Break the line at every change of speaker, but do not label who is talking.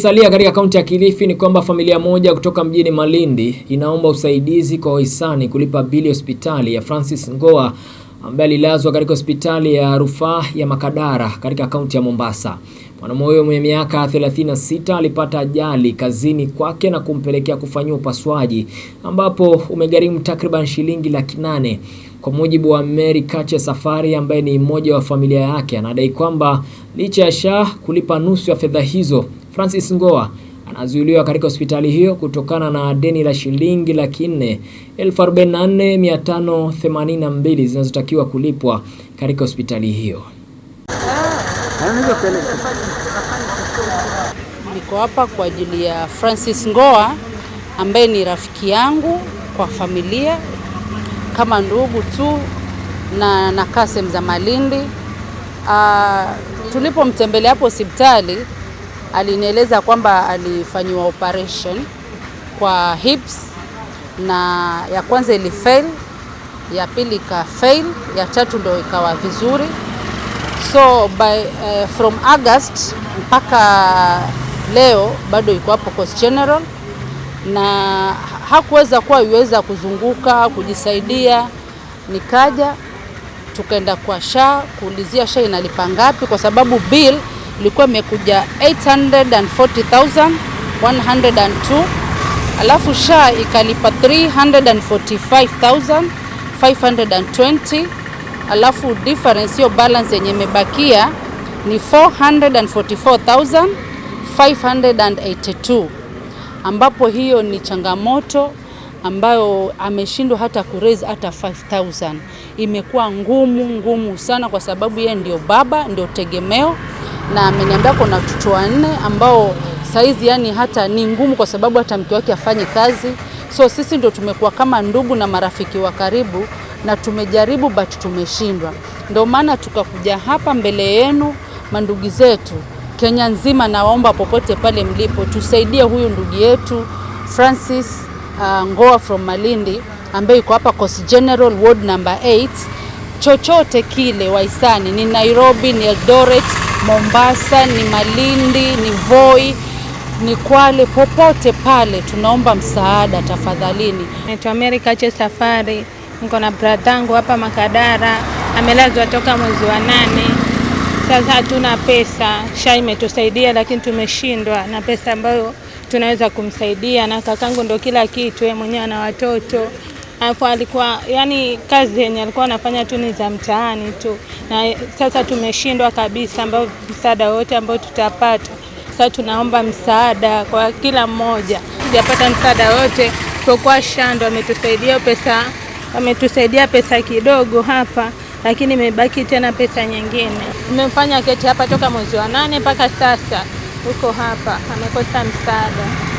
Salia katika kaunti ya Kilifi ni kwamba familia moja kutoka mjini Malindi inaomba usaidizi kwa wahisani kulipa bili hospitali ya Francis Ngoa ambaye alilazwa katika hospitali ya rufaa ya Makadara katika kaunti ya Mombasa. Mwanamume huyo mwenye miaka 36 alipata ajali kazini kwake na kumpelekea kufanyiwa upasuaji ambapo umegharimu takriban shilingi laki nane. Kwa mujibu wa Mary Kache Safari ambaye ni mmoja wa familia yake, anadai kwamba licha ya SHA kulipa nusu ya fedha hizo Francis Ngoa anazuiliwa katika hospitali hiyo kutokana na deni la shilingi laki nne elfu arobaini na nne mia tano themanini na mbili zinazotakiwa kulipwa katika hospitali hiyo.
Niko hapa kwa ajili ya Francis Ngoa ambaye ni rafiki yangu kwa familia kama ndugu tu na na Kasem za Malindi. Uh, tulipomtembelea hapo hospitali alinieleza kwamba alifanyiwa operation kwa hips na ya kwanza ili fail, ya pili ika fail, ya tatu ndo ikawa vizuri. So by, uh, from August mpaka leo bado iko hapo Coast General na hakuweza kuwa iweza kuzunguka kujisaidia. Nikaja tukaenda kwa SHA kuulizia SHA inalipa ngapi, kwa sababu bill ilikuwa imekuja 840,102 alafu SHA ikalipa 345,520 alafu difference hiyo balance yenye imebakia ni 444,582 ambapo hiyo ni changamoto ambayo ameshindwa hata kuraise hata 5000. Imekuwa ngumu ngumu sana, kwa sababu yeye ndio baba, ndio tegemeo na ameniambia kuna watoto wanne ambao saizi yani hata ni ngumu, kwa sababu hata mke wake afanye kazi. So sisi ndio tumekuwa kama ndugu na marafiki wa karibu, na tumejaribu but tumeshindwa. Ndio maana tukakuja hapa mbele yenu mandugu zetu Kenya nzima, nawaomba popote pale mlipo, tusaidie huyu ndugu yetu Francis uh, Ngoa from Malindi ambaye yuko hapa Coast General Ward number 8. Chochote kile waisani, ni Nairobi, ni Eldoret Mombasa, ni Malindi, ni Voi, ni Kwale, popote pale tunaomba msaada tafadhalini. Naitwa Mary Kache Safari, niko na bradhangu hapa Makadara, amelazwa toka mwezi wa nane. Sasa hatuna pesa, SHA imetusaidia lakini tumeshindwa na pesa ambayo tunaweza kumsaidia, na kakangu ndo kila kitu, yeye mwenyewe ana watoto hapo ah, alikuwa yani, kazi yenye alikuwa anafanya tu ni za mtaani tu, na sasa tumeshindwa kabisa, ambao msaada wote ambao tutapata sasa, tunaomba msaada kwa kila mmoja, tujapata msaada wote tokuwa shando. Ametusaidia pesa, ametusaidia pesa kidogo hapa, lakini imebaki tena pesa nyingine. Umemfanya keti hapa toka mwezi wa nane mpaka sasa, huko hapa amekosa msaada.